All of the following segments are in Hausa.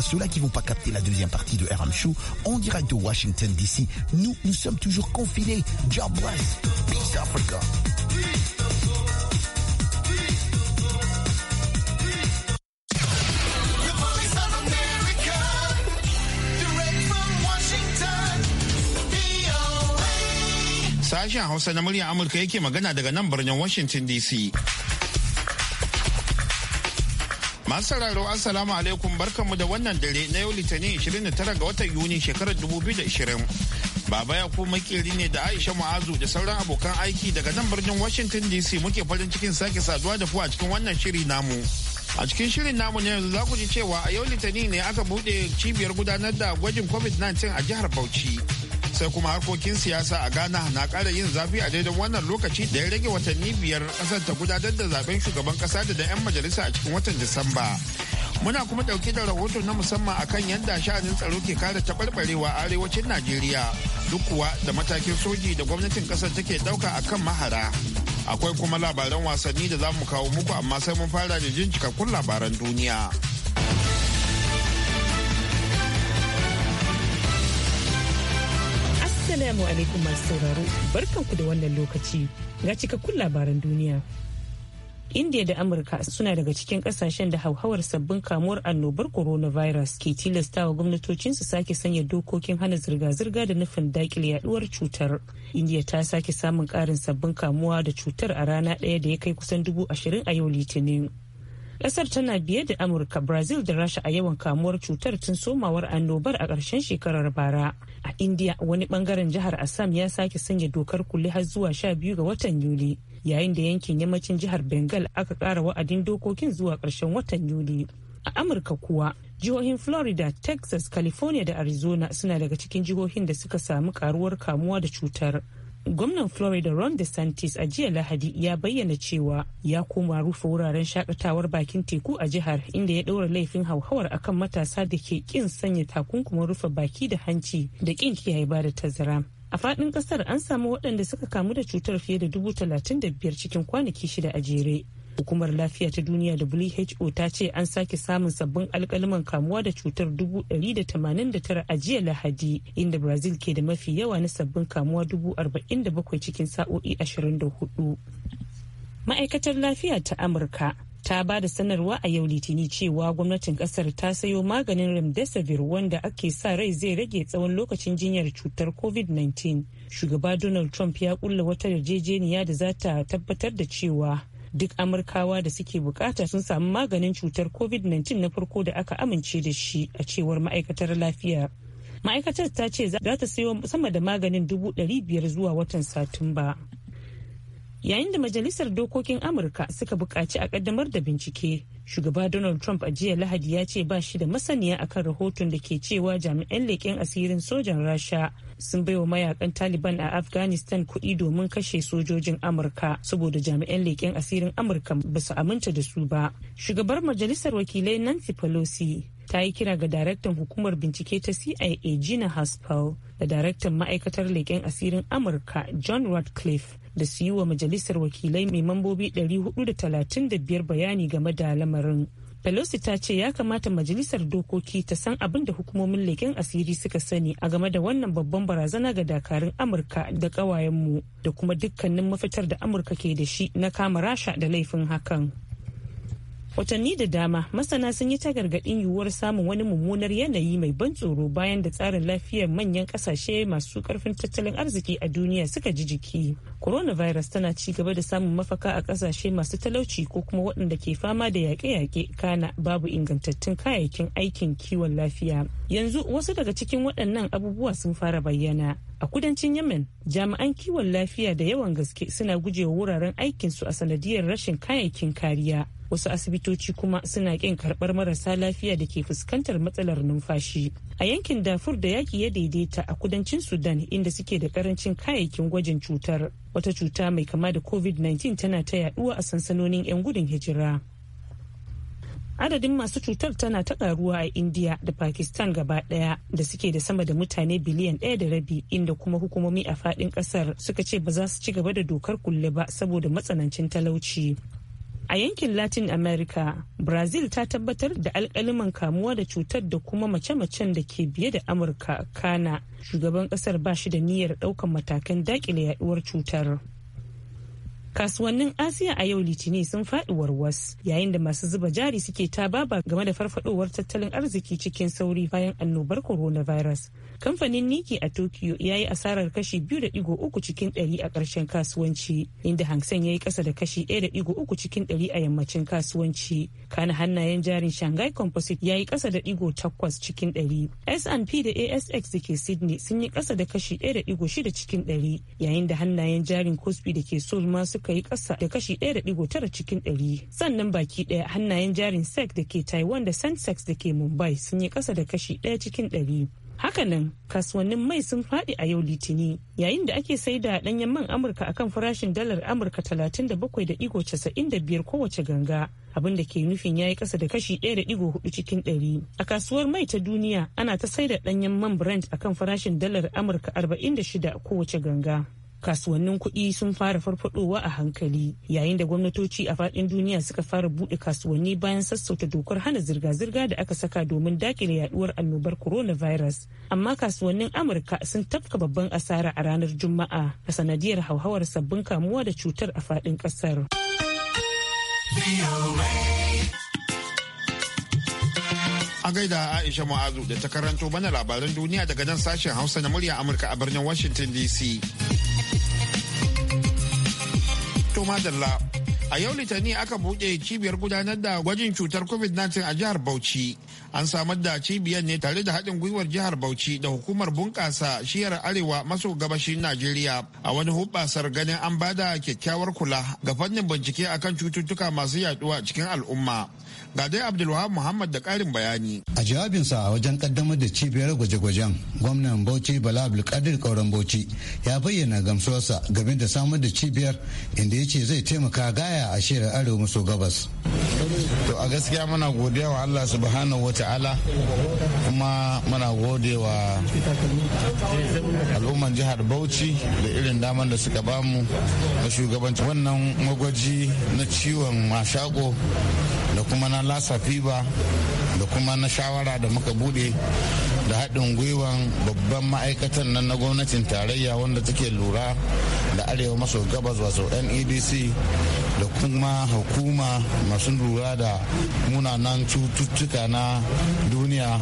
Ceux-là qui vont pas capter la deuxième partie de RM Show en direct de Washington DC. Nous, nous sommes toujours confinés. God bless. Peace Africa. Sashen Hausa na murya Amurka yake magana daga nan birnin Washington DC. Masu sauraro Assalamu alaikum barkanmu da wannan dare na yau Litinin 29 ga watan Yuni shekarar 2020. Baba ya ku makeri ne da Aisha Mu'azu da sauran abokan aiki daga nan birnin Washington DC muke farin cikin sake saduwa da ku a cikin wannan shiri namu. A cikin shirin namu ne yanzu za ku ji cewa a yau Litinin ne aka buɗe cibiyar gudanar da gwajin COVID-19 a jihar Bauchi. sai kuma harkokin siyasa a ghana na kara yin zafi a daidai wannan lokaci da ya rage watanni biyar kasar ta gudanar da zaben shugaban kasa da da 'yan majalisa a cikin watan disamba muna kuma ɗauki da rahoto na musamman akan yadda sha'anin tsaro ke kare taɓarɓarewa a arewacin najeriya duk kuwa da matakin soji da gwamnatin kasar take ɗauka akan mahara akwai kuma labaran wasanni da za mu kawo muku amma sai mun fara da jin cikakkun labaran duniya. Assalamu alaikum masu sauraro, barkanku da wannan lokaci ga cikakkun labaran duniya. India da Amurka suna daga cikin kasashen da hauhawar sabbin kamuwar annobar coronavirus ke tilastawa gwamnatocin su sake sanya dokokin hana zirga-zirga da nufin dakile yaduwar cutar. India ta sake samun karin sabbin kamuwa da cutar a rana ɗaya da ya kai kusan dubu ashirin a yau Litinin. kasar tana biye da Amurka, Brazil da Rasha a yawan kamuwar cutar tun somawar annobar a ƙarshen shekarar bara. A India, wani bangaren jihar Assam ya sake sanya dokar kulle har zuwa sha biyu ga watan Yuli, yayin da yankin yammacin jihar Bengal aka ƙara wa'adin dokokin zuwa ƙarshen watan Yuli. A Amurka kuwa, jihohin Florida, Texas, California da Arizona suna daga cikin jihohin da suka samu karuwar kamuwa da cutar. gwamnan florida ron desantis a jiya lahadi ya bayyana cewa ya koma rufe wuraren shakatawar bakin teku a jihar inda ya ɗaura laifin hauhawar akan matasa da ke kin sanya takunkumin rufe baki da hanci da kin kiyaye ba da tazara a faɗin ƙasar an samu waɗanda suka kamu da cutar fiye da dubu talatin da biyar cikin kwanaki shida a jere hukumar lafiya ta duniya who ta ce an sake samun sabbin alkaliman kamuwa da cutar 189 a jiya lahadi inda brazil ke da mafi yawa na sabbin kamuwa 47 cikin sa'o'i 24 ma'aikatar lafiya ta amurka ta ba da sanarwa a yau litini cewa gwamnatin kasar ta sayo maganin remdesivir wanda ake sa rai zai rage tsawon lokacin jinyar cutar covid-19 shugaba donald trump ya kulla wata yarjejeniya da za ta tabbatar da cewa duk amurkawa da suke bukata sun samu maganin cutar covid-19 na farko da aka amince da shi a cewar ma'aikatar lafiya ma'aikatar ta ce za ta sayo sama da maganin dubu ɗari biyar zuwa watan satumba yayin da majalisar dokokin amurka suka buƙaci a ƙaddamar da bincike shugaba donald trump a jiya lahadi ya ce ba shi da masaniya akan rahoton da ke cewa jami'an leƙen asirin sojan rasha sun baiwa mayakan taliban a afghanistan kuɗi domin kashe sojojin amurka saboda jami'an leƙen asirin amurka ba su aminta da su ba shugabar majalisar wakilai nancy pelosi ta yi kira ga daraktan hukumar bincike ta cia gina haspel da daraktan ma'aikatar leƙen asirin amurka john radcliffe da su yi wa majalisar wakilai mai mambobi 435 bayani game da lamarin. Pelosi ta ce ya kamata majalisar dokoki ta san abin da hukumomin leken asiri suka sani a game da wannan babban barazana ga dakarun Amurka da ƙawayenmu da kuma dukkanin mafitar da Amurka ke da shi na kama rasha da laifin hakan. watanni da dama masana sun yi ta gargaɗin yiwuwar samun wani mummunar yanayi mai ban tsoro bayan da tsarin lafiyar manyan ƙasashe masu ƙarfin tattalin arziki a duniya suka ji jiki coronavirus tana ci gaba da samun mafaka a ƙasashe masu talauci ko kuma waɗanda ke fama da yaƙe-yaƙe kana babu ingantattun kayayyakin aikin kiwon lafiya yanzu wasu daga cikin waɗannan abubuwa sun fara bayyana a kudancin yemen jami'an kiwon lafiya da yawan gaske suna gujewa wuraren aikinsu a sanadiyar rashin kayayyakin kariya wasu asibitoci kuma suna ƙin karɓar marasa lafiya da ke fuskantar matsalar numfashi a yankin dafur da yaki ya daidaita a kudancin sudan inda suke da ƙarancin kayayyakin gwajin cutar wata cuta mai kama da covid-19 tana ta yaɗuwa a sansanonin 'yan gudun hijira adadin masu cutar tana ta ƙaruwa a india da pakistan gaba daya da suke da sama da mutane biliyan daya da rabi inda kuma hukumomi a fadin kasar suka ce ba za su ci gaba da dokar kulle ba saboda matsanancin talauci A yankin Latin America, Brazil ta tabbatar da alkaliman kamuwa da cutar da kuma mace-macen da ke biye da Amurka kana. Shugaban kasar ba shi da niyyar daukan matakan dakile yaduwar cutar. kasuwannin asiya a yau litinin sun faɗi warwas yayin da masu zuba jari suke ta baba game da farfadowar tattalin arziki cikin sauri bayan annobar coronavirus kamfanin niki a tokyo ya yi asarar kashi biyu da ɗigo uku cikin ɗari a ƙarshen kasuwanci inda hangsen ya yi ƙasa da kashi ɗaya da ɗigo uku cikin ɗari a yammacin kasuwanci kana hannayen jarin shanghai composite ya yi ƙasa da ɗigo takwas cikin ɗari S&P da ASX da ke Sydney sun yi ƙasa da kashi ɗaya da ɗigo shida cikin ɗari yayin da hannayen jarin Kospi da ke Seoul ma suka suka yi ƙasa da kashi 1.9 cikin 100 sannan baki ɗaya hannayen jarin sec da ke taiwan da sensex da ke mumbai sun yi kasa da kashi 1 cikin 100 hakanan kasuwannin mai sun faɗi a yau litini yayin da ake sai da ɗanyen man amurka akan farashin dalar amurka 37.95 kowace ganga abin da ke nufin ya yi kasa da kashi 1.4 cikin 100 a kasuwar mai ta duniya ana ta sai da ɗanyen man brent akan farashin dalar amurka 46 kowace ganga kasuwannin kuɗi sun fara farfadowa a hankali yayin da gwamnatoci a faɗin duniya suka fara buɗe kasuwanni bayan sassauta dokar hana zirga-zirga da aka saka domin dakile yaduwar annobar coronavirus amma kasuwannin amurka sun tafka babban asara a ranar juma'a a sanadiyar hauhawar sabbin kamuwa da cutar a faɗin ƙasar. an gaida Aisha Mu'azu da ta karanto mana labaran duniya daga nan sashen Hausa na murya Amurka a birnin Washington DC. to madalla. A yau litani aka buɗe cibiyar gudanar da gwajin cutar COVID-19 a jihar Bauchi. An samar da cibiyar ne tare da haɗin gwiwar jihar Bauchi da hukumar bunƙasa shiyar arewa maso gabashin Najeriya a wani hubbasar ganin an bada kyakkyawar kula ga fannin bincike akan cututtuka masu yaduwa cikin al'umma. Ga dai Abdulwahab Muhammad da karin bayani. A jawabinsa a wajen kaddamar da cibiyar gwaje-gwajen gwamnan Bauchi Bala Abdulkadir Kauran Bauchi ya bayyana gamsuwarsa game da samar da cibiyar inda ya ce zai taimaka gaya a shirin arewa maso gabas. To a gaskiya muna godiya wa Allah subhanahu wa ta'ala kuma muna godewa wa al'umman jihar Bauchi da irin daman da suka bamu na shugabanci wannan magwaji na ciwon mashako da kuma na na lasa fiba da kuma na shawara da muka bude da haɗin gwiwan babban ma'aikatan nan na gwamnatin tarayya wanda take lura da arewa maso gabas wato nedc da kuma hukuma masu lura da munanan cututtuka na duniya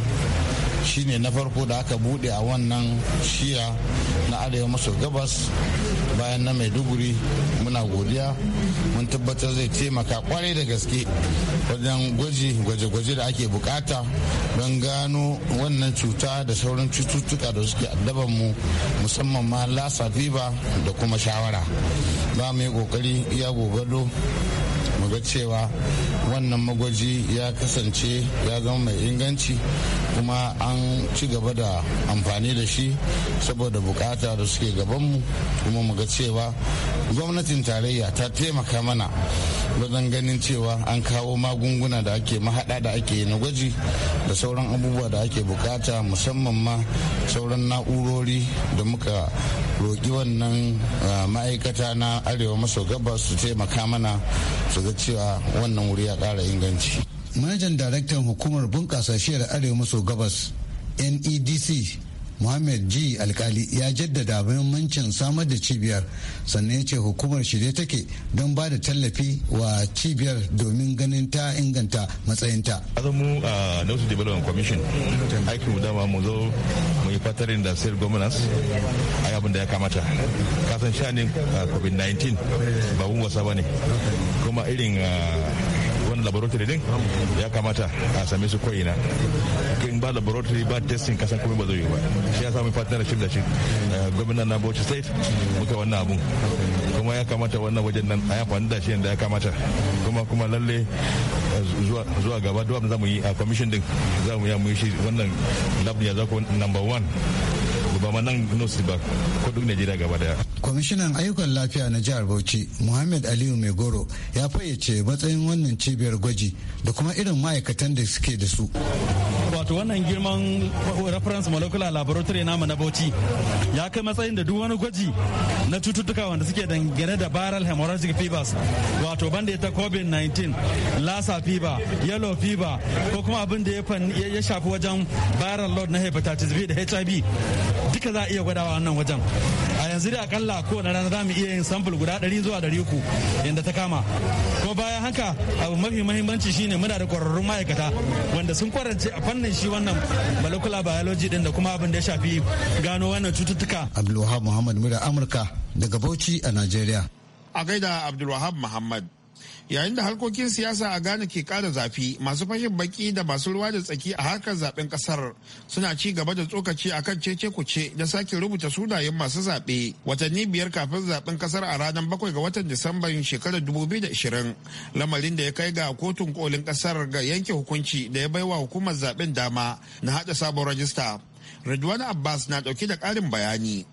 shine na farko da aka bude a wannan shiya na arewa maso gabas bayan na maiduguri muna godiya mun tabbatar zai taimaka kwarai da gaske wajen gwaji gwaje-gwaje da ake bukata don gano wannan cuta da sauran cututtuka da suke addaban mu musamman ma lasa fiba da kuma shawara ba mu yi kokari iya gogado mu ga cewa wannan magwaji ya kasance ya zama mai inganci kuma an ci gaba da amfani da shi saboda bukata da suke gabanmu kuma mu ga cewa gwamnatin tarayya ta taimaka mana wajen ganin cewa an kawo magunguna da ake mahada da ake na gwaji da sauran abubuwa da ake bukata musamman ma sauran na'urori da muka roki wannan ah, ma'aikata na arewa maso gabas su taimaka mana su ga cewa wannan wuri ya ƙara inganci. Manajan daraktan hukumar bunƙasa shiyar Arewa maso gabas NEDC Muhammad G. Alkali ya jaddada muhimmancin samar da cibiyar sannan ya ce hukumar shirye take don ba da tallafi wa cibiyar domin ganin ta inganta matsayinta. a mu a Nautu Development Commission aiki mu dama mu zo mu yi fatarin da sayar governance a abin da ya kamata. Kasan shanin COVID-19 ba wasa ba ne. kuma irin ah, wani laboratory din ya kamata a same su koyina in ba laboratory ba testing kasan kuma ba zai yi ba shi ya samu partnership da shi ah, gwamnan na bauchi state muka wannan abun kuma ya kamata wannan wajen nan a ya faɗi da shi yadda ya kamata kuma kuma lalle ah, zuwa gaba duwa za mu yi a commission din za mu yi shi wannan lab ya zaku number one ba nan ba najeriya gaba daya kwamishinan ayyukan lafiya na jihar bauchi muhammad aliyu mai ya fayyace matsayin wannan cibiyar gwaji da kuma irin ma'aikatan da suke da su wato wannan girman reference molecular laboratory namu na bauchi ya kai matsayin da duk wani gwaji na cututtuka wanda suke dangane da viral hemorrhagic fevers wato banda ta covid-19 lassa fever yellow fever ko kuma abin da ya shafi wajen viral load na hepatitis b da hiv duka za a iya gwadawa wannan wajen yanzu da akalla kowane rana za mu iya yin sample guda 100 zuwa uku yadda ta kama kuma bayan haka abu mafi mahimmanci shine muna da kwararrun ma'aikata wanda sun kwarance a fannin shi wannan molecular biology din da kuma abin da ya shafi gano wannan cututtuka abdulwahab muhammad mura amurka daga bauchi a nigeria a gaida abdulwahab muhammad yayin da harkokin siyasa a ghana ke kara zafi masu fashin baki da masu ruwa da tsaki a harkar zaben kasar suna ci gaba da tsokaci a kan cece kuce da sake rubuta sunayen masu zaɓe watanni biyar kafin zaben kasar a ranar bakwai ga watan disamban shekarar 2020 lamarin da ya kai ga kotun kolin kasar ga yanke hukunci da ya baiwa hukumar zaben dama na hada sabon rajista Ridwan Abbas na ɗauke da ƙarin bayani.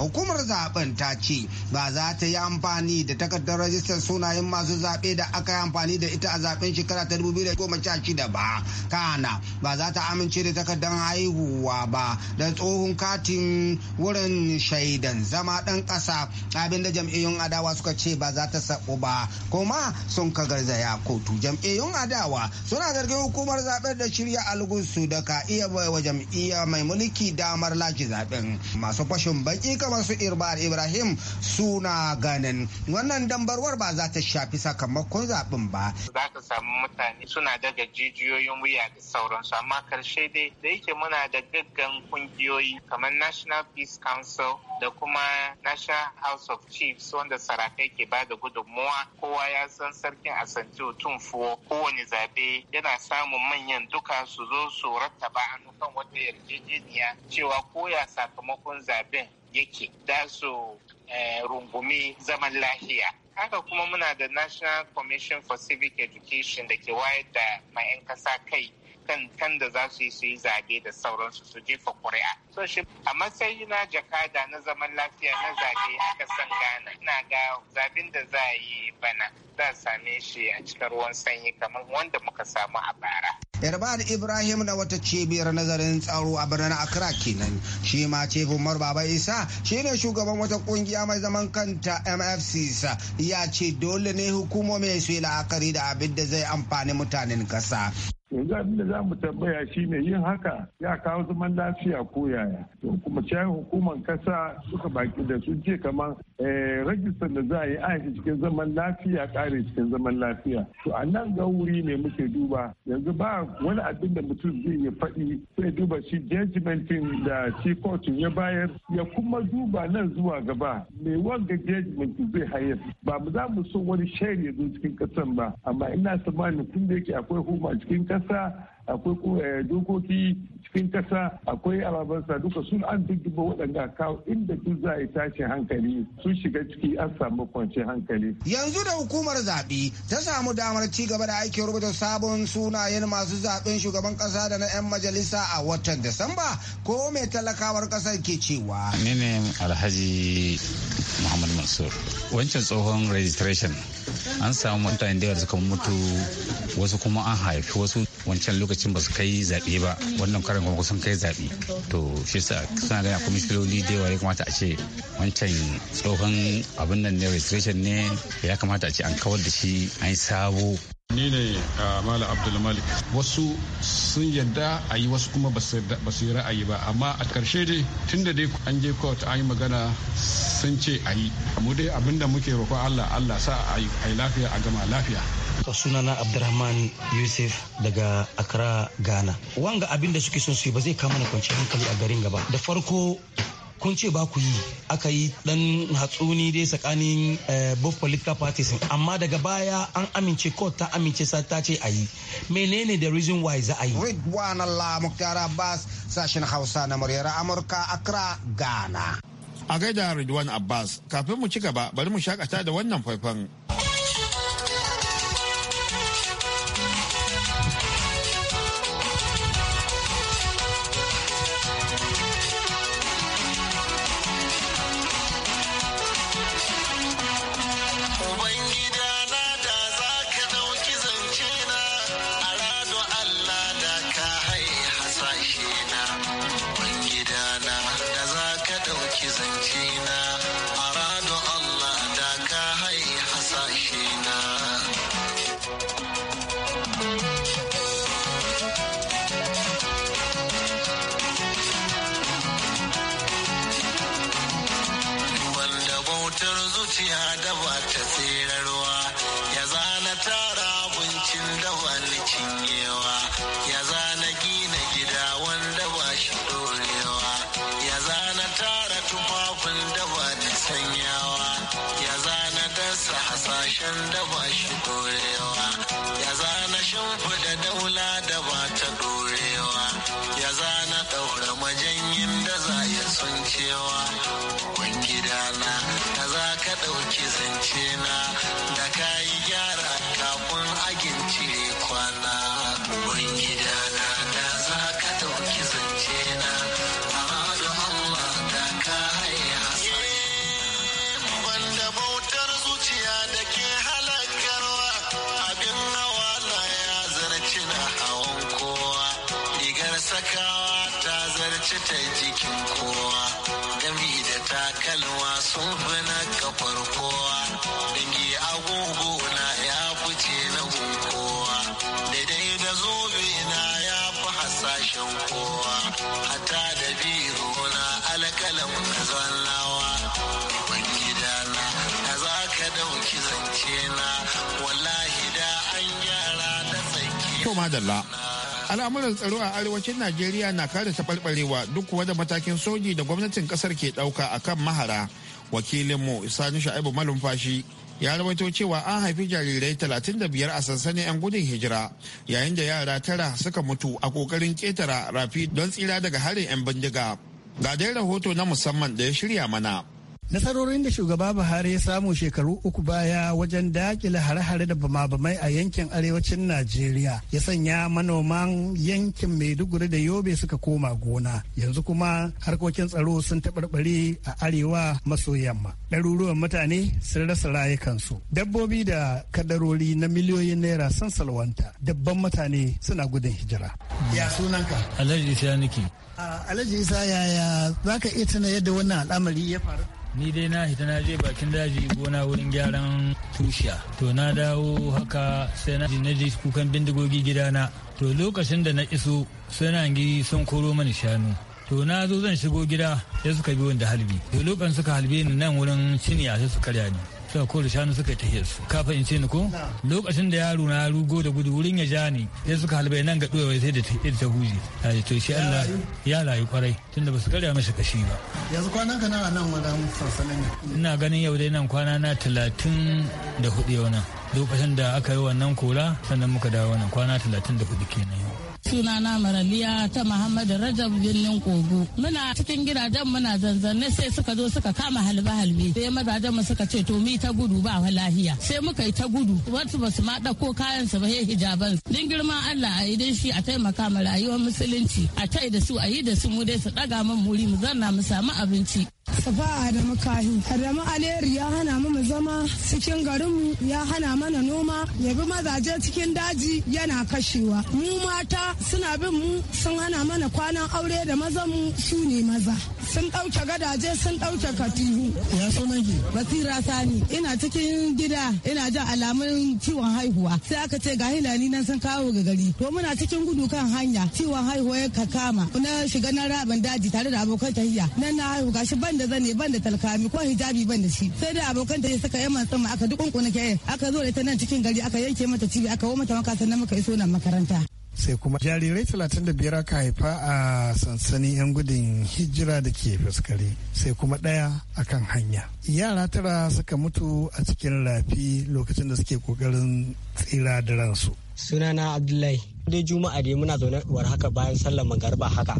hukumar zaben ta ce ba za ta yi amfani da takardar rajistar sunayen masu zaɓe da aka yi amfani da ita a zaben shekara ta 2016 ba kana ba za ta amince da takardar haihuwa ba da tsohon katin wurin shaidan zama ɗan ƙasa abin da jam'iyyun adawa suka ce ba za ta saɓo ba kuma sun ka garzaya kotu jam'iyyun adawa suna zargin hukumar zaɓen da shirya algusu da ka iya baiwa jam'iyya mai mulki damar lashe zaɓen. masu fashin baki kan su irbar ibrahim suna ganin wannan dambarwar ba za ta shafi sakamakon zaɓen ba za ka samu mutane suna daga jijiyoyin wuya da sauransu amma karshe dai da yake muna da gaggan kungiyoyi kamar national peace council da kuma national house of chiefs wanda sarakai ke ba da gudunmuwa kowa ya san sarkin asante tun fuwo kowane zabe yana samun manyan duka su zo su rattaba hannu kan wata yarjejeniya cewa koya sakamakon zaɓen? yake za su eh, rungumi zaman lafiya. haka kuma muna da national commission for civic education da ke wayar da ma'yan kasa kai kan kan da za su yi su yi zaɓe da sauransu su jefa kuri'a. So shi a matsayi na jakada na zaman lafiya na zaɓe a kasan Ghana ina ga zaɓen da za a yi bana za a same shi a cikin ruwan sanyi kamar wanda muka samu a bara. Yarbad Ibrahim na wata cibiyar nazarin tsaro a birnin Accra kenan. Shi ma ce mar Baba Isa shi ne shugaban wata kungiya mai zaman kanta MFC sa ya ce dole ne hukumomi su yi la'akari da abin da zai amfani mutanen kasa. yanzu abin da za mu tambaya shi ne yin haka ya kawo zaman lafiya ko yaya to kuma cewa hukumar kasa suka baki da su ce kamar eh, rajistar da za a yi aiki cikin zaman lafiya kare cikin zaman lafiya to a nan ga wuri ne muke duba yanzu ba wani abin da mutum zai yi faɗi sai duba shi judgmentin da shi kotun ya bayar ya kuma duba nan zuwa gaba mai wanga judgmentin zai hayar ba mu za mu so wani shari'a ya zo cikin kasan ba amma ina tsammanin tun da yake akwai hukuma cikin kasa kasa akwai eh, dokoki cikin kasa akwai alabansa duka sun an dudduba waɗanda kawo inda duk za a tashi hankali sun shiga ciki an samu kwanciyar hankali. yanzu da hukumar zaɓe ta samu damar ci gaba da aikin rubuta sabon sunayen masu zaɓen shugaban ƙasa da na 'yan majalisa a watan disamba ko mai talakawar kasar ke cewa. ni ne alhaji muhammad mansur wancan tsohon registration an samu mutane da suka mutu wasu kuma an haifi wasu wancan lokacin ba su kai zaɓe ba wannan karin kuma kusan kai zaɓe to shi sa suna gani akwai misiloli da yawa ya kamata a ce wancan tsohon abin nan ne registration ne ya kamata a ce an kawar da shi an yi sabo ni ne mala abdulmalik wasu sun yadda a yi wasu kuma ba su yi ra'ayi ba amma a karshe dai tun da dai an je court an yi magana sun ce a yi mu dai abinda muke roƙon allah allah sa a yi lafiya a gama lafiya sunana abdurrahman yusuf daga accra ghana wanga abin da suke son su yi ba zai kama na kwanci hankali a garin gaba da farko kun ce ba ku yi aka yi dan hatsuni dai tsakanin eh, both political parties amma daga baya an amince ko ta amince sa ta ce a yi menene the reason why za a yi ridwan allah muktar abbas sashen hausa na muryar amurka accra ghana a gaida ridwan abbas kafin mu ci gaba bari mu shakata da wannan faifan sakawa ta zarci ta jikin kowa gami da takalma sun fi na kafar kowa dangi agogo na ya fice na kowa daidai da zobe na ya fi hasashen kowa hata da biro na alkalam na zannawa ban gidana da za ka dauki zance na wallahi da an yara da tsaki al'amuran tsaro a arewacin najeriya na kare taɓarɓarewa duk kuwa matakin soji da gwamnatin ƙasar ke ɗauka a kan mahara wakilinmu sani sha'ibu malumfashi ya rawaito cewa an haifi jarirai talatin da biyar a sansanin 'yan gudun hijira yayin da yara tara suka mutu a kokarin ƙetara rafi don tsira daga harin 'yan bindiga ga dai rahoto na musamman da ya shirya mana Nasarorin da shugaba Buhari ya samu shekaru uku baya wajen dakile hare-hare da bama-bamai a yankin arewacin Najeriya ya sanya manoman yankin Maiduguri da Yobe suka koma gona. Yanzu kuma harkokin tsaro sun taɓarɓare a arewa maso yamma. Ɗaruruwan mutane sun rasa rayukansu. Dabbobi da kadarori na miliyoyin naira sun salwanta. Dabban mutane suna gudun hijira. Ya sunanka? Alhaji Isa niki. Alhaji Isa yaya za ka iya tuna yadda wannan al'amari ya faru? ni dai na hita na je bakin daji gona wurin gyaran tushiya to na dawo haka sai na na ji kukan bindigogi gidana to lokacin da na iso sai na gi sun koro mani shanu to na zo zan shigo gida sai suka bi wanda halbi to lokacin suka halbe ni nan wurin ciniya sai su karya ni suka kore shanu suka tahe su ka fahimce ni ko lokacin da yaro na rugo da gudu wurin ya ja ni sai suka halbai nan ga doyewa sai da ta ta huje ai to shi Allah ya rayu kwarai tunda basu karya masa kashi ba yanzu kwanan ka nan nan wadan sansanin ina ganin yau dai nan kwana na 34 yau nan lokacin da aka yi wannan kora sannan muka dawo nan kwana 34 kenan sunana maraliya ta muhammadu rajab birnin kogo muna cikin gidajen muna zanzanne sai suka zo suka kama halbe halbe sai mazajen mu suka ce to mi ta gudu ba wa lahiya sai muka yi ta gudu wasu ba su ma ɗauko kayan su ba he hijaban su din girma Allah a idan shi a taimaka ma rayuwar musulunci a tai da su a yi da su mu dai su ɗaga mun muri mu zanna mu samu abinci Safa Adamu Kahi. Adamu Aleri ya hana mu zama cikin garinmu ya hana mana noma ya bi mazaje cikin daji yana kashewa. Mu mata suna bin mu sun hana mana kwanan aure da maza mu su ne maza sun ɗauke gadaje sun ɗauke katihu ya sunan ki basira sani ina cikin gida ina jin alamun ciwon haihuwa sai aka ce ga hilani nan sun kawo ga gari to muna cikin gudu kan hanya ciwon haihuwa ya ka kama na shiga na rabin daji tare da abokan tahiya nan na haihu gashi ban da zane ban da talkami ko hijabi ban da shi sai da abokan tahiya suka yamma sama aka dukunkuna ke aka zo da ta nan cikin gari aka yanke mata cibi aka wo mata makasar na muka iso nan makaranta sai kuma jarirai 35 aka haifa a sansanin 'yan gudun hijira da ke fuskare sai kuma ɗaya a kan hanya yara tara suka mutu a cikin rafi lokacin da suke ƙoƙarin tsira da ransu sunana abdullahi dai juma'a dai muna zaune war haka bayan sallar magarba haka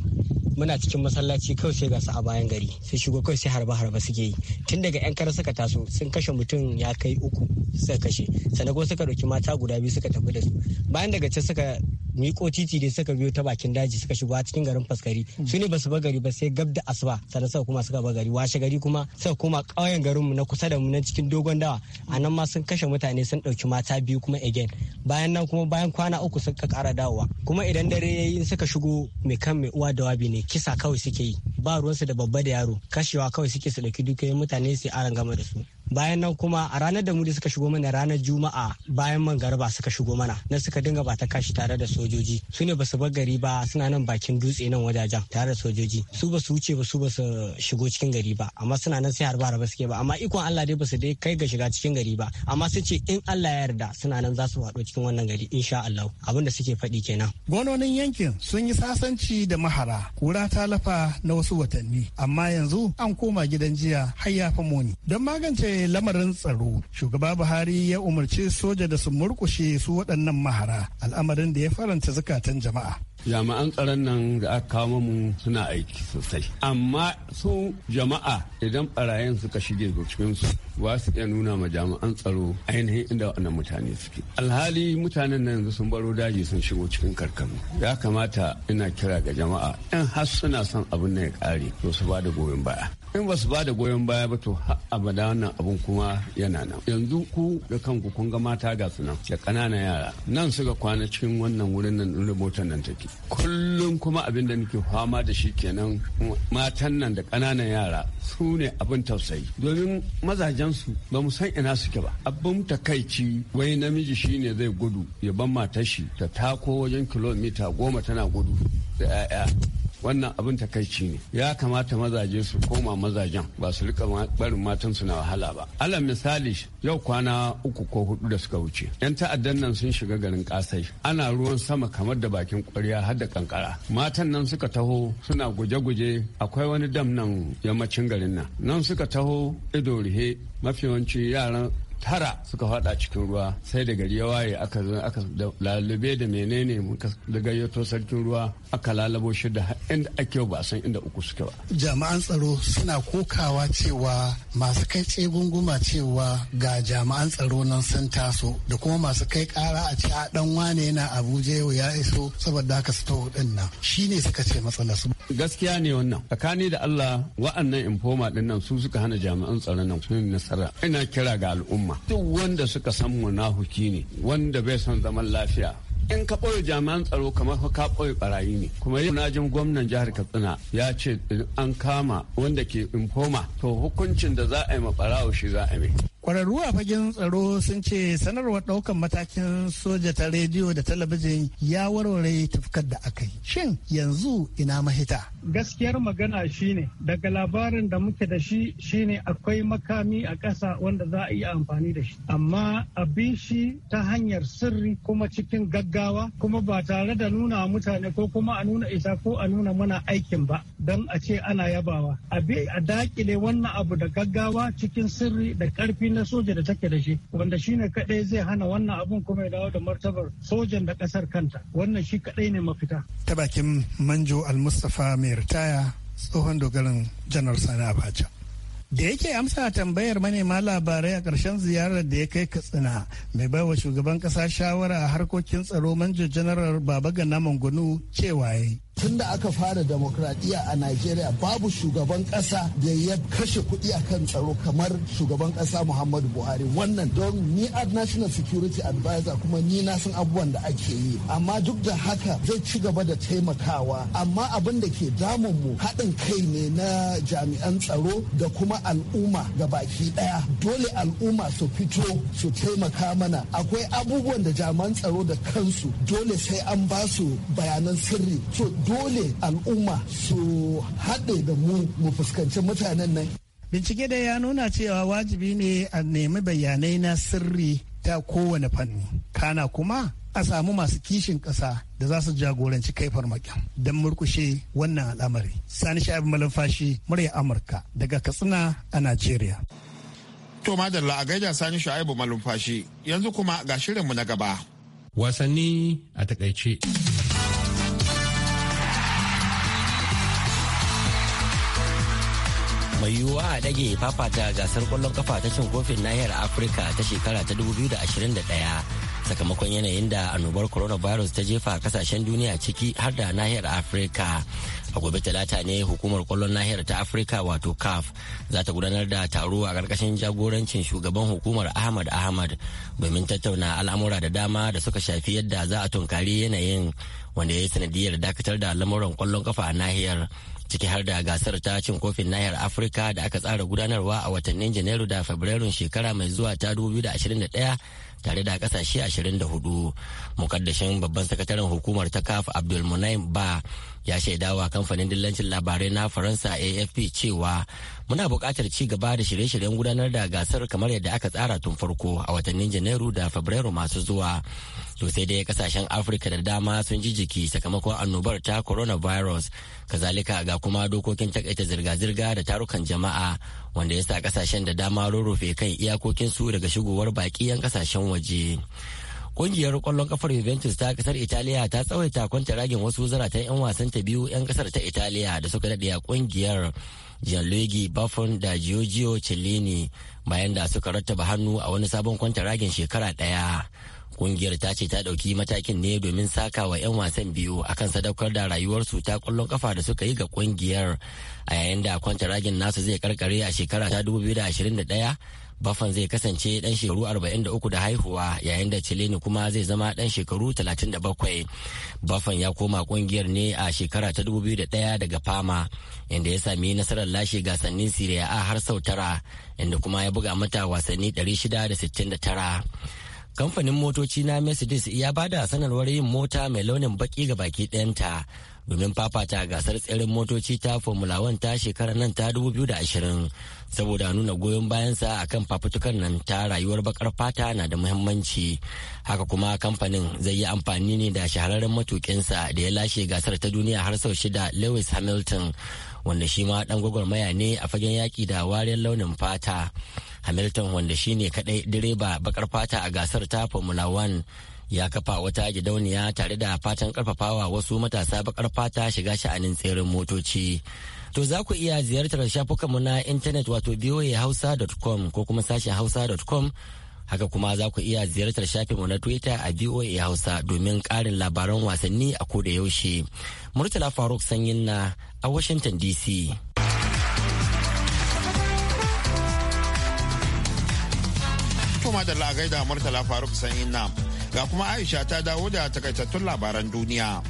muna cikin masallaci kawai sai ga su a bayan gari sai shigo kawai sai harba harba suke yi tun daga yan kara suka taso sun kashe mutum ya kai uku suka kashe sannan kuma suka ɗauki mata guda biyu suka tafi da su bayan daga can suka miko titi dai suka biyo ta bakin daji suka shigo a cikin garin faskari su ne basu bar gari ba sai gab da asuba sannan suka kuma suka bar gari washe gari kuma suka koma ƙauyen garin mu na kusa da mu na cikin dogon dawa a nan ma sun kashe mutane sun dauki mata biyu kuma again bayan nan kuma bayan kwana uku suka kara dawowa kuma idan dare yayi suka shigo mai kan mai uwa dawabi ne kisa kawai suke yi ba ruwansu da babba da yaro kashewa kawai suke su ɗauki dukiyoyin mutane su aran gama da su bayan nan kuma a ranar da muli suka shigo mana ranar juma'a bayan man garba suka shigo mana na suka dinga ba ta kashi tare da sojoji su ne basu bar gari ba suna nan bakin dutse nan wajajen tare da sojoji su basu wuce ba su basu shigo cikin gari ba amma suna nan sai harba harba suke ba amma ikon Allah dai basu dai kai ga shiga cikin gari ba amma su ce in Allah ya yarda suna nan za su wado cikin wannan gari insha Allah abin da suke faɗi kenan gononin yankin sun yi sasanci da mahara kura ta lafa na wasu watanni amma yanzu an koma gidan jiya har ya moni don magance lamarin tsaro shugaba buhari ya umarci soja da su murkushe su waɗannan mahara al'amarin da ya faranta zukatan jama'a jami'an tsaron nan da aka kawo mu suna aiki sosai amma su jama'a idan barayin suka shige cikin su ba su iya nuna ma jami'an tsaro ainihin inda wannan mutane suke alhali mutanen nan yanzu sun baro daji sun shigo cikin karkaru ya kamata ina kira ga jama'a in har suna son abin nan ya kare to su ba da goyon baya in ba su ba da goyon baya ba to abada wannan abun kuma yana nan yanzu ku da kanku kun ga mata ga su nan da kanana yara nan suka kwana cikin wannan wurin nan ɗin motar nan take kullum kuma abin da nake fama da shi kenan matan nan da kananan yara su ne abin tausayi domin mazajensu ba mu san ina suke ba abin takaici wai namiji shine zai gudu ya ban matar shi ta tako wajen kilomita goma tana gudu da 'ya'ya wannan abin takaici ne ya kamata mazaje su koma mazajen ba su rika barin matan su na wahala ba alal misali yau kwana uku ko hudu da suka wuce yan ta'addan nan sun shiga garin kasai ana ruwan sama kamar da bakin kwarya har da kankara matan nan suka taho suna guje-guje akwai wani dam nan yammacin garin nan nan suka taho ido rihe mafi yawanci yaran tara suka faɗa cikin ruwa sai da gari ya waye aka zo aka lalube da menene muka gayyato sarkin ruwa aka lalabo shi da inda ake ba san inda uku suke ba jami'an tsaro suna kokawa cewa masu kai tsegunguma cewa ga jami'an tsaro nan sun taso da kuma masu kai kara a ci a dan wane yana abuja yau ya iso saboda haka su tawo din nan shine suka ce matsala su gaskiya ne wannan tsakani da Allah wa'annan infoma din nan su suka hana jami'an tsaro nan sun nasara ina kira ga al'umma al'umma duk wanda suka san munafuki ne wanda bai son zaman lafiya in ka ɓoye jami'an tsaro kamar ka ɓoye barayi ne kuma yau na jin gwamnan jihar katsina ya ce an kama wanda ke infoma to hukuncin da za a yi ma ɓarawo shi za a yi Kwararru a fagen tsaro sun ce sanarwar ɗaukan matakin soja ta rediyo da talabijin ya warware tafkar da aka yi. Shin yanzu ina mahita? Gaskiyar magana shine daga labarin da muke da shi shine akwai makami a ƙasa wanda za a iya amfani da shi. Amma abin shi ta hanyar sirri kuma cikin gaggawa kuma ba tare da nuna mutane ko kuma a nuna isa ko a nuna mana aikin ba don a ce ana yabawa. abin a dakile wannan abu da gaggawa cikin sirri da ƙarfi karfi na soja da take da shi wanda shi ne kadai zai hana wannan abun kuma ya dawo da martabar sojan da kasar kanta wannan shi kadai ne mafita ta bakin manjo almustafa mai ritaya tsohon dogaran janar sani abacha da yake amsa tambayar manema labarai a karshen ziyarar da ya kai katsina mai baiwa shugaban ƙasa shawara a harkokin tsaro manjo janar baba gana mangunu cewa ya tun da aka fara demokradiyya a Najeriya babu shugaban kasa da ya kashe kuɗi kan tsaro kamar shugaban kasa Muhammadu Buhari wannan don ni a National Security Advisor kuma ni na san abubuwan da ake yi amma duk da haka zai ci gaba da taimakawa amma abin da ke damun mu haɗin kai ne na jami'an tsaro da kuma al'umma ga baki ɗaya dole al'umma su fito su taimaka mana akwai abubuwan da jami'an tsaro da kansu dole sai an ba su bayanan sirri dole al'umma su haɗe da mu mu fuskanci mutanen nan bincike da ya nuna cewa wajibi ne a nemi bayanai na sirri ta kowane fanni kana kuma a samu masu kishin ƙasa da za su jagoranci kai farmakin don murkushe wannan al'amari sani sha'ib malamfashi murya amurka daga katsina a najeriya to madalla a gaida sani sha'ibu malumfashi yanzu kuma ga shirinmu na gaba wasanni a takaice yiwuwa a ɗage fafata gasar ƙwallon kafa ta cin kofin nahiyar afirka ta shekara ta 2021 sakamakon yanayin da annobar coronavirus ta jefa kasashen duniya ciki har da nahiyar afirka a gobe talata ne hukumar kwallon nahiyar ta afirka wato caf za ta gudanar da taro a ƙarƙashin jagorancin shugaban hukumar ahmad ahmad domin tattauna al'amura da dama da suka shafi yadda za a tunkari yanayin wanda ya yi sanadiyar dakatar da lamuran kwallon kafa a nahiyar ciki har da gasar ta cin kofin nahiyar afirka da aka tsara gudanarwa a watannin janairu da Fabrairu shekara mai zuwa ta 2021 tare da kasashe 24 mukaddashin babban sakataren hukumar ta kaf abdulmunaim ba ya shaidawa kamfanin dillancin labarai na faransa afp cewa muna buƙatar ci gaba da shirye-shiryen gudanar da gasar kamar yadda aka tsara tun farko a watannin janairu da fabrairu masu zuwa to sai dai kasashen afirka da dama sun ji jiki sakamakon annobar ta coronavirus kazalika ga kuma dokokin takaita zirga-zirga da tarukan jama'a wanda ya sa kasashen da dama rurrufe kan iyakokinsu daga shigowar baƙi 'yan kasashen waje Kungiyar kwallon kafar Juventus ta kasar Italiya ta tsawaita kwanta ragin wasu zaratan 'yan wasan ta biyu 'yan kasar ta Italiya da suka daɗe a kungiyar Gianluigi Buffon da Giorgio Cellini bayan da suka rattaba hannu a wani sabon kwanta ragin shekara ɗaya. Kungiyar ta ce ta ɗauki matakin ne domin saka wa 'yan wasan biyu akan sadaukar da rayuwarsu ta kwallon kafa da suka yi ga kungiyar a yayin da kwanta ragin nasu zai karkare a shekara ta 2021 Buffon zai kasance dan shekaru 43 da haihuwa yayin da Cellini kuma zai zama dan shekaru 37. Buffon ya koma kungiyar ne a shekara ta 2001 daga Fama inda ya sami nasarar lashe gasannin Serie A har sau tara inda kuma ya buga mata wasanni 669. Kamfanin motoci na Mercedes ya bada sanarwar yin mota mai launin baki ga baki ɗayanta domin fafata gasar tseren motoci ta formula 1 ta shekarar nan ta 2020 saboda nuna goyon bayansa a kan fafutukan nan ta rayuwar bakar fata na da muhimmanci haka kuma kamfanin zai yi amfani ne da shahararren matukinsa da ya lashe gasar ta duniya har sau shida lewis hamilton wanda shi ma dan gwagwarmaya ne a fagen yaki da wariyar launin fata hamilton wanda shi ne kadai direba bakar fata a gasar ta formula 1 ya kafa wata gidauniya tare da fatan karfafawa wasu matasa bakar fata shiga sha'anin tseren motoci. To za ku iya ziyartar shafukanmu na intanet wato voahausa.com ko kuma sashen hausa.com haka kuma za ku iya ziyartar shafinmu na twitter a voa hausa domin karin labaran wasanni a koda yaushe murtala faruk sanyin na a washington dc kuma da lagai da murtala faruk sanyin na Ga kuma Aisha ta dawo da takaitattun labaran duniya.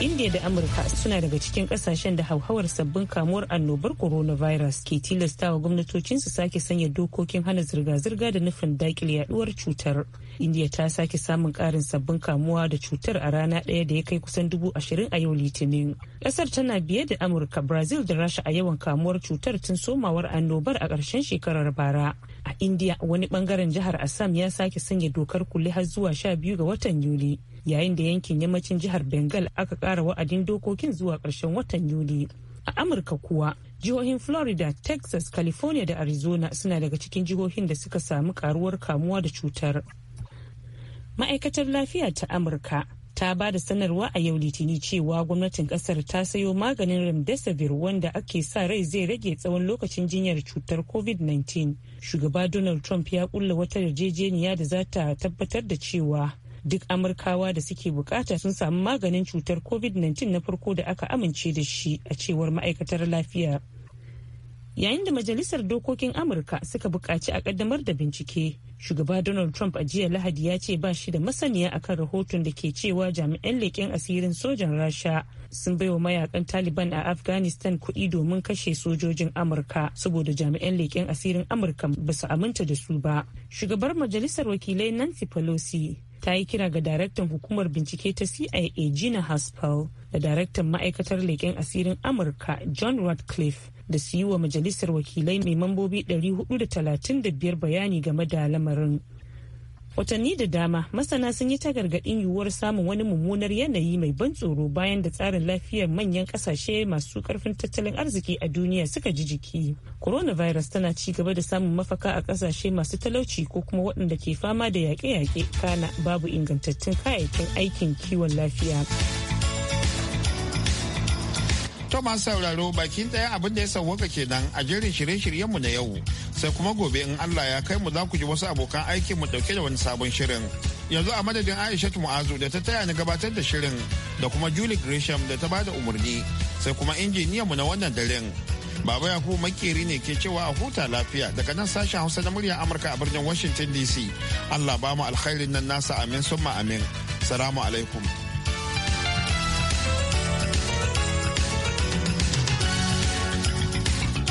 India da Amurka suna daga cikin kasashen da hauhawar sabbin kamuwar annobar coronavirus ke tilastawa gwamnatocin su sake sanya dokokin hana zirga-zirga da nufin dakile yaduwar cutar. India ta sake samun karin sabbin kamuwa da cutar a rana ɗaya da ya kai kusan dubu ashirin a yau litinin. Ƙasar tana biye da Amurka, Brazil da Rasha a yawan kamuwar cutar tun somawar annobar a ƙarshen shekarar bara. A India wani bangaren jihar Assam ya sake sanya dokar kulle har zuwa sha biyu ga watan Yuli. yayin da yankin yammacin jihar bengal aka kara wa'adin dokokin zuwa ƙarshen watan yuli a amurka kuwa jihohin florida texas california da arizona suna daga cikin jihohin da suka samu karuwar kamuwa da cutar ma'aikatar lafiya ta amurka ta ba da sanarwa a yau litini cewa gwamnatin kasar ta sayo maganin remdesivir wanda ake sa rai zai rage tsawon lokacin jinyar cutar covid-19 shugaba donald trump ya kulla wata yarjejeniya da za ta tabbatar da cewa duk amurkawa da suke bukata sun samu maganin cutar covid-19 na farko da aka amince da shi a cewar ma'aikatar lafiya yayin da majalisar dokokin amurka suka bukaci a kaddamar da bincike shugaba donald trump a jiya lahadi ya ce ba shi da masaniya akan rahoton da ke cewa jami'an leƙen asirin sojan rasha sun bai wa mayakan taliban a afghanistan kuɗi domin kashe sojojin amurka saboda jami'an leƙen asirin amurka ba su aminta da su ba shugabar majalisar wakilai nancy pelosi ta yi kira ga daraktan hukumar bincike ta cia gina haspel da daraktan ma'aikatar leƙen asirin amurka john radcliffe da su yi wa majalisar wakilai mai mambobi 435 bayani game da lamarin watanni da dama masana sun yi ta gargaɗin yiwuwar samun wani mummunar yanayi mai ban tsoro bayan da tsarin lafiyar manyan kasashe masu karfin tattalin arziki a duniya suka ji jiki coronavirus tana ci gaba da samun mafaka a kasashe masu talauci ko kuma waɗanda ke fama da yaƙe-yaƙe kana babu ingantattun kayayyakin aikin kiwon lafiya To masu sauraro bakin daya abin da ya sauwaka kenan a jerin shirye-shiryenmu na yau. Sai kuma gobe in Allah ya kai mu za ku ji wasu abokan aikin mu dauke da wani sabon shirin. Yanzu a madadin Aisha Mu'azu da ta taya ni gabatar da shirin da kuma Julie Gresham da ta bada umarni sai kuma injiniyanmu na wannan daren. Baba Yakubu makeri ne ke cewa a huta lafiya daga nan sashen Hausa na muryar Amurka a birnin Washington DC. Allah ba mu alkhairin nan nasa amin summa amin. Salamu alaikum.